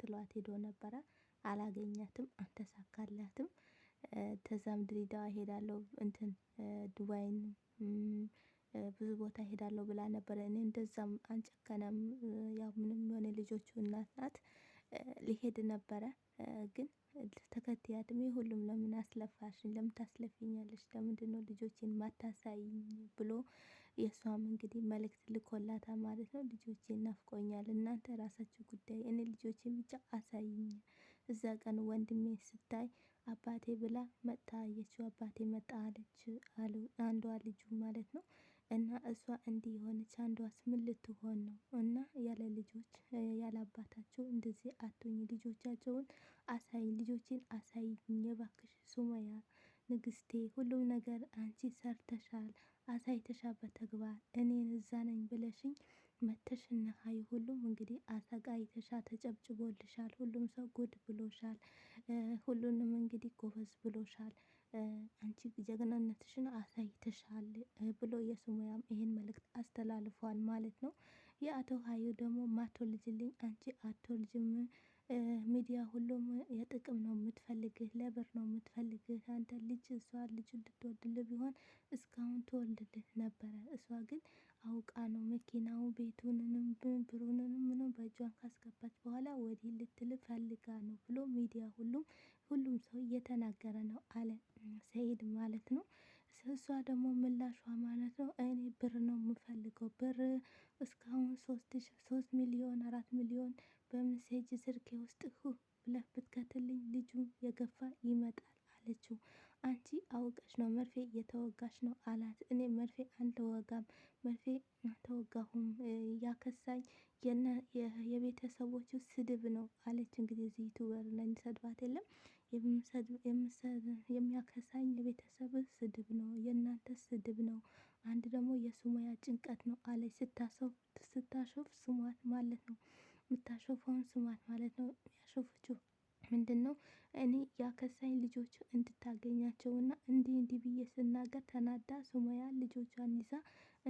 ጥሏት ሄዶ ነበረ። አላገኛትም፣ አልተሳካላትም። ተዛም ድሬዳዋ ሄዳለሁ እንትን ዱባይን ብዙ ቦታ ሄዳለሁ ብላ ነበረ። እኔ እንደዛም አንጨከነም። ያው ምንም የሆነ ልጆቹ እናት ናት። ሊሄድ ነበረ ግን ተከትያት እኔ ሁሉም ለምን አስለፋሽኝ? ለምን ታስለፊኛለሽ? ለምንድን ነው ልጆችን ማታሳይኝ? ብሎ የእሷም እንግዲህ መልእክት ልኮላታ ማለት ነው። ልጆቼ ናፍቆኛል፣ እናንተ ራሳችሁ ጉዳይ፣ እኔ ልጆቼን ብቻ አሳይኝ። እዛ ቀን ወንድሜ ስታይ አባቴ ብላ መጣ አየችው። አባቴ መጣ አለች አሉ አንዷ ልጁ ማለት ነው። እና እሷ እንዲህ የሆነች አንዷስ ምን ልትሆን ነው? እና ያለ ልጆች ያለ አባታቸው እንደዚህ አትሁኝ፣ ልጆቻቸውን አሳይ፣ ልጆችን አሳይኝ እባክሽ ሱመያ ንግስቴ፣ ሁሉም ነገር አንቺ ሰርተሻል፣ አሳይተሻል በተግባር እኔን እዛ ነኝ ብለሽኝ መተሽ ነሀይ ሁሉም እንግዲህ አሰቃይተሻል፣ ተጨብጭቦልሻል፣ ሁሉም ሰው ጉድ ብሎሻል፣ ሁሉንም እንግዲህ ጎበዝ ብሎሻል፣ አንቺ ጀግናነትሽን አሳይተሻል ብሎ የሱሙያም ይህን መልእክት አስተላልፏል ማለት ነው። የአቶ ሀዩ ደግሞ ማትወልጅልኝ አንቺ አትወልጅም ሚዲያ ሁሉም የጥቅም ነው የምትፈልግህ፣ ለብር ነው የምትፈልግህ። አንተ ልጅ እሷ ልጅ ልትወልድል ቢሆን እስካሁን ትወልድልህ ነበረ። እሷ ግን አውቃ ነው መኪናው ቤቱንንም፣ ብሩንንም ምንም በእጇን ካስገባች በኋላ ወዲህ ልትል ፈልጋ ነው ብሎ ሚዲያ ሁሉም ሁሉም ሰው እየተናገረ ነው አለ ሰኢድ ማለት ነው። እሷ ደግሞ ምላሿ ማለት ነው እኔ ብር ነው የምፈልገው ብር እስካሁን ሶስት ሚሊዮን አራት ሚሊዮን በመሴጅ ስልኬ ውስጥ ሁህ ብለህ ብትከትልኝ ልጁ የገፋ ይመጣል አለችው። አንቺ አውቀሽ ነው መርፌ የተወጋሽ ነው አላት። እኔ መርፌ አልተወጋም፣ መርፌ አልተወጋሁም፣ ያከሳኝ የቤተሰቦቹ ስድብ ነው አለች። እንግዲህ እዚህ ዩቱበር ላይ የሚሰድባት የለም የሚያከሳኝ የቤተሰብ ስድብ ነው፣ የእናንተ ስድብ ነው፣ አንድ ደግሞ የሱሙያ ጭንቀት ነው አለች። ስታሾፍ ስሟት ማለት ነው። የምታሾፈውን ስማት ማለት ነው። ያሾፈችው ምንድን ነው? እኔ ያከሳኝ ልጆች እንድታገኛቸው እና እንዲህ እንዲህ ብዬ ስናገር ተናዳ ሱሙያ ልጆቿን ይዛ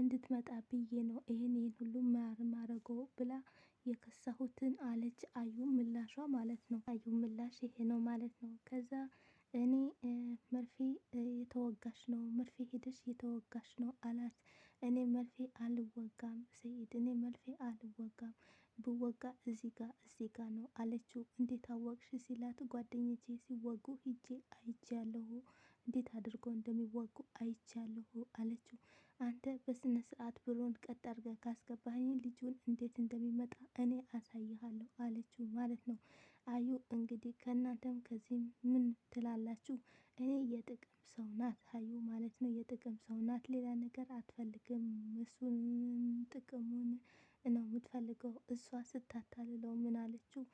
እንድትመጣ ብዬ ነው ይህን ይህን ሁሉ ማረገው ብላ የከሳሁትን አለች። አዩ ምላሿ ማለት ነው። አዩ ምላሽ ይሄ ነው ማለት ነው። ከዛ እኔ መርፌ የተወጋሽ ነው መርፌ ሄደሽ የተወጋሽ ነው አላት። እኔ መርፌ አልወጋም ሰኢድ፣ እኔ መርፌ አልወጋም ብወጋ እዚ ጋ እዚ ጋ ነው አለችው። እንዴት አወቅሽ ሲላት ጓደኞቼ ሲወጉ ሂጄ አይቻለሁ፣ እንዴት አድርጎ እንደሚወጉ አይቻለሁ አለችው። አንተ በስነ ስርዓት ብሎን ቀጥ አድርገህ ካስገባኝ ልጁን እንዴት እንደሚመጣ እኔ አሳይሃለሁ አለችው ማለት ነው። አዩ እንግዲህ ከእናንተም ከዚህም ምን ትላላችሁ? እኔ የጥቅም ሰው ናት አዩ ማለት ነው። የጥቅም ሰው ናት፣ ሌላ ነገር አትፈልግም። እሱን ጥቅሙን ነው የምትፈልገው። እሷ ስታታልለው ምን አለችው?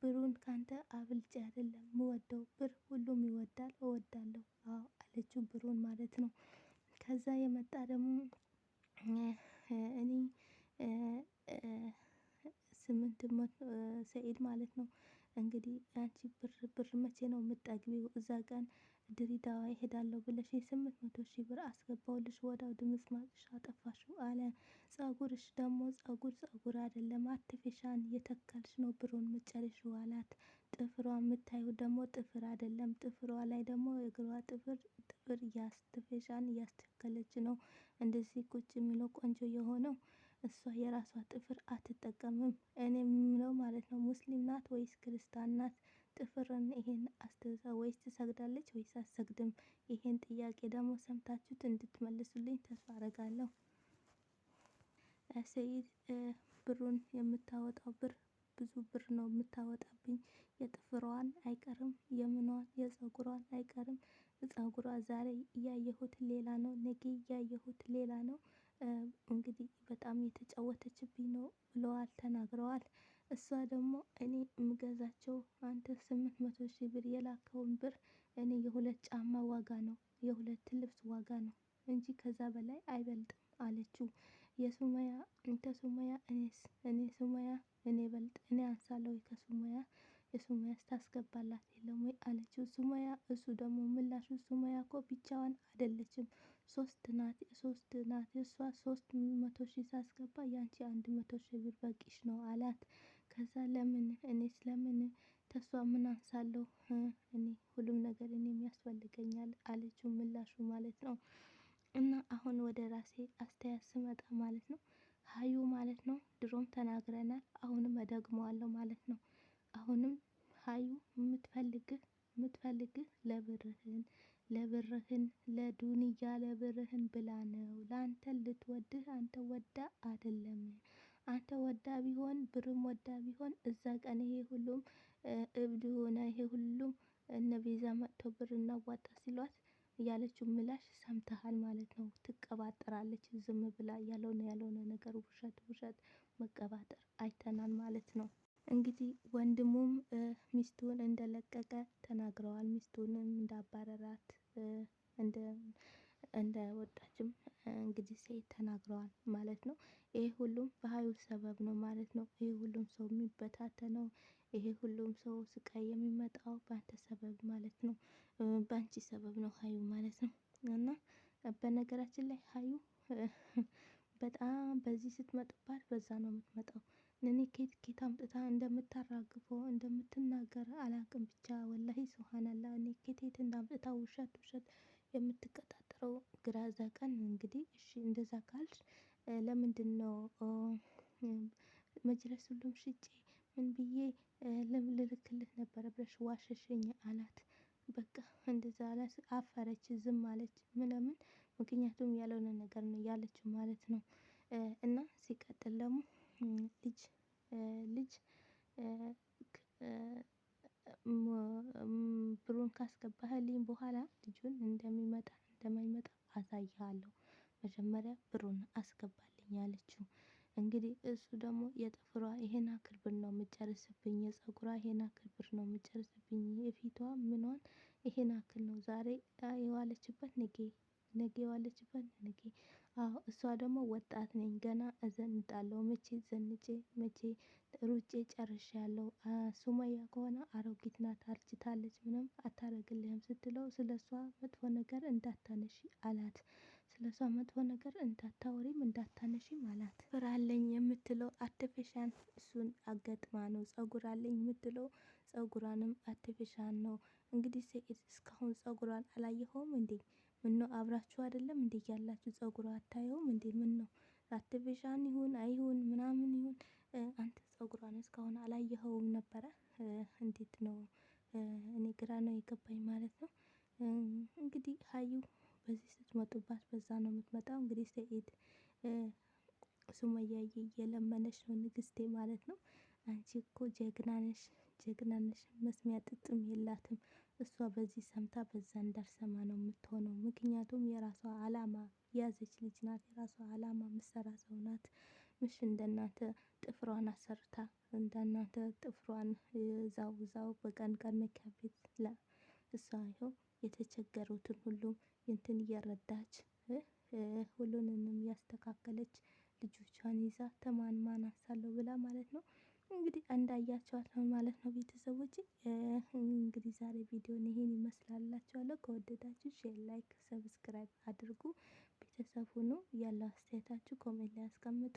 ብሩን ካንተ አብልጬ አይደለም ምወደው፣ ብር ሁሉም ይወዳል፣ እወዳለሁ። አዎ አለችው፣ ብሩን ማለት ነው። ከዛ የመጣ ደግሞ እኔ ስምንት መቶ ሰኢድ ማለት ነው እንግዲህ አንቺ ብር ብር መቼ ነው የምጠግቢው? እዛ ቀን ድሬዳዋ ይሄዳለሁ ብለሽ የስምንት መቶ ሺህ ብር አስገባውልሽ ወዲያው ድምጥማጥሽ አጠፋሽው አለ። ጸጉርሽ ደግሞ ጸጉር ጸጉር አይደለም አርቲፊሻል እየተከልሽ ነው ብሩን የምጨርሽው አላት። ጥፍሯ የምታዩ ደግሞ ጥፍር አይደለም ጥፍሯ ላይ ደግሞ እግሯ ጥፍር ጥፍር አርቲፊሻል እያስተከለች ነው። እንደዚህ ቁጭ የሚለው ቆንጆ የሆነው እሷ የራሷ ጥፍር አትጠቀምም። እኔ የምለው ማለት ነው ሙስሊም ናት ወይስ ክርስቲያን ናት? ጥፍርን ይሄን አስተዛ ወይስ ትሰግዳለች ወይስ አትሰግድም? ይሄን ጥያቄ ደግሞ ሰምታችሁት እንድትመልሱልኝ ተስፋ አረጋለሁ። ሰይድ ብሩን የምታወጣው ብር ብዙ ብር ነው የምታወጣብኝ። የጥፍሯን አይቀርም የምኗን የፀጉሯን አይቀርም። ፀጉሯ ዛሬ እያየሁት ሌላ ነው፣ ነገ እያየሁት ሌላ ነው። እንግዲህ በጣም የተጫወተችብኝ ነው ብለዋል ተናግረዋል። እሷ ደግሞ እኔ የምገዛቸው አንተ ስምንት መቶ ሺህ ብር የላከውን ብር እኔ የሁለት ጫማ ዋጋ ነው የሁለት ልብስ ዋጋ ነው እንጂ ከዛ በላይ አይበልጥም አለችው። የሱመያ እንተ ሱመያ እኔስ እኔ ሱመያ እኔ በልጥ እኔ አንሳለሁ ከሱመያ የሱመያስ ታስገባላት የለም ወይ አለችው። ሱመያ እሱ ደግሞ ምላሹ ሱመያ እኮ ብቻዋን አይደለችም ሶስት ናት ሶስት ናት እሷ ሶስት መቶ ሺህ ሳስገባ ያንቺ አንድ መቶ ሺህ ብር በቂሽ ነው አላት። ከዛ ለምን እኔ ስለምን ተስፋ ምን አንሳለሁ እኔ ሁሉም ነገር እኔም ያስፈልገኛል አለችው ምላሹ ማለት ነው። እና አሁን ወደ ራሴ አስተያየት ስመጣ ማለት ነው ሀዩ ማለት ነው ድሮም ተናግረናል፣ አሁንም እደግመዋለሁ ማለት ነው። አሁንም ሀዩ የምትፈልግህ የምትፈልግህ ለብርህን ለብርህን ለዱንያ ለብርህን ብላ ነው። ለአንተ ልትወድህ አንተ ወዳ አይደለም። አንተ ወዳ ቢሆን ብርም ወዳ ቢሆን እዛ ቀን ይሄ ሁሉም እብድ ሆነ ይሄ ሁሉም እነ ቤዛ መጥተው ብር እናዋጣ ሲሏት ያለችው ምላሽ ሰምተሃል ማለት ነው። ትቀባጠራለች ዝም ብላ ያልሆነ ያልሆነ ነገር ውሸት ውሸት መቀባጠር አይተናል ማለት ነው። እንግዲህ ወንድሙም ሚስቱን እንደለቀቀ የሚመጣው በአንተ ሰበብ ማለት ነው። በአንቺ ሰበብ ነው ሀዩ ማለት ነው። እና በነገራችን ላይ ሀዩ በጣም በዚህ ስትመጥባት በዛ ነው የምትመጣው። እኔ ኬት ኬት አምጥታ እንደምታራግፈው እንደምትናገር አላቅም። ብቻ ወላሂ ስብሓንላ እኔ ኬቴት እንዳምጥታ ውሸት ውሸት የምትቀጣጠረው ግራ ዘቀን። እንግዲህ እሺ እንደዛ ካልሽ ለምንድን ነው መጅለስ ሁሉም ሽጬ ምን ብዬ ልልክልህ ነበረ ብለሽ ዋሸሽኝ አላት። በቃ እንደዛ አላት። አፈረች፣ ዝም አለች። ምናምን ምክንያቱም ያልሆነ ነገር ነው ያለችው ማለት ነው። እና ሲቀጥል ደግሞ ልጅ ልጅ ብሩን ካስገባህልኝ በኋላ ልጁን እንደሚመጣ እንደማይመጣ አሳይሃለሁ። መጀመሪያ ብሩን አስገባልኝ አለችው። እንግዲህ እሱ ደግሞ የጥፍሯ ይሄን አክል ብር ነው የምጨርስብኝ፣ የፀጉሯ ይሄን አክል ብር ነው የምጨርስብኝ፣ የፊቷ ምኗን ይሄን አክል ነው ዛሬ የዋለችበት ንጌ ነገ የዋለችበት ንጌ። አዎ እሷ ደግሞ ወጣት ነኝ ገና እዘንጣለሁ፣ መቼ ዘንጬ መቼ ሩጬ ጨርሻለሁ። ሱመያ ከሆነ አሮጊት ናት፣ አርጅታለች፣ ምንም አታረግልህም ስትለው ስለ እሷ መጥፎ ነገር እንዳታነሺ አላት። ስለሷ መጥፎ ነገር እንዳታወሪም እንዳታነሺም አላት። ፀጉር አለኝ የምትለው አርቲፊሻል እሱን አገጥማ ነው። ፀጉር አለኝ የምትለው ፀጉሯንም አርቲፊሻል ነው። እንግዲህ ሴት እስካሁን ፀጉሯን አላየኸውም እንዴ? ምነው አብራችሁ አይደለም እንዴ ያላችሁ? ፀጉሯ አታየውም እንዴ? ምን ነው አርቲፊሻል ይሁን አይሁን ምናምን ይሁን አንተ ፀጉሯን እስካሁን አላየኸውም ነበረ? እንዴት ነው? እኔ ግራ ነው የገባኝ ማለት ነው። እንግዲህ ሀዩ በዚህ ስትመጡባት በዛ ነው የምትመጣው። እንግዲህ ሰኢድ ሱመያዬ እየለመነች ነው ንግስቴ ማለት ነው። አንቺ እኮ ጀግና ነሽ ጀግና ነሽ፣ መስሚያ ጥጥም የላትም እሷ በዚህ ሰምታ በዛ እንዳልሰማ ነው የምትሆነው። ምክንያቱም የራሷ አላማ የያዘች ልጅ ናት። የራሷ አላማ ምሰራ ሰው ናት። ምሽ እንደናንተ ጥፍሯን አሰርታ እንደናንተ ጥፍሯን ዛው ዛው በቀን ቀን መኪያ ቤት እሷ ይኸው የተቸገሩትን ሁሉ እንትን እየረዳች ሁሉንም እያስተካከለች ልጆቿን ይዛ ተማን ማን አሳለው ብላ ማለት ነው። እንግዲህ እንዳያችኋት ነው ማለት ነው ቤተሰቦች እንግዲህ ዛሬ ቪዲዮን ይሄን ይመስላላችኋለሁ። ከወደዳችሁ ሼር፣ ላይክ፣ ሰብስክራይብ አድርጉ። ቤተሰብ ሁኑ። ያለው አስተያየታችሁ ኮሜንት ላይ አስቀምጡ።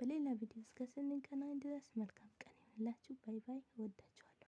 በሌላ ቪዲዮ እስከ ስንገናኝ ድረስ መልካም ቀን ይሁንላችሁ። ባይ ባይ። እወዳችኋለሁ።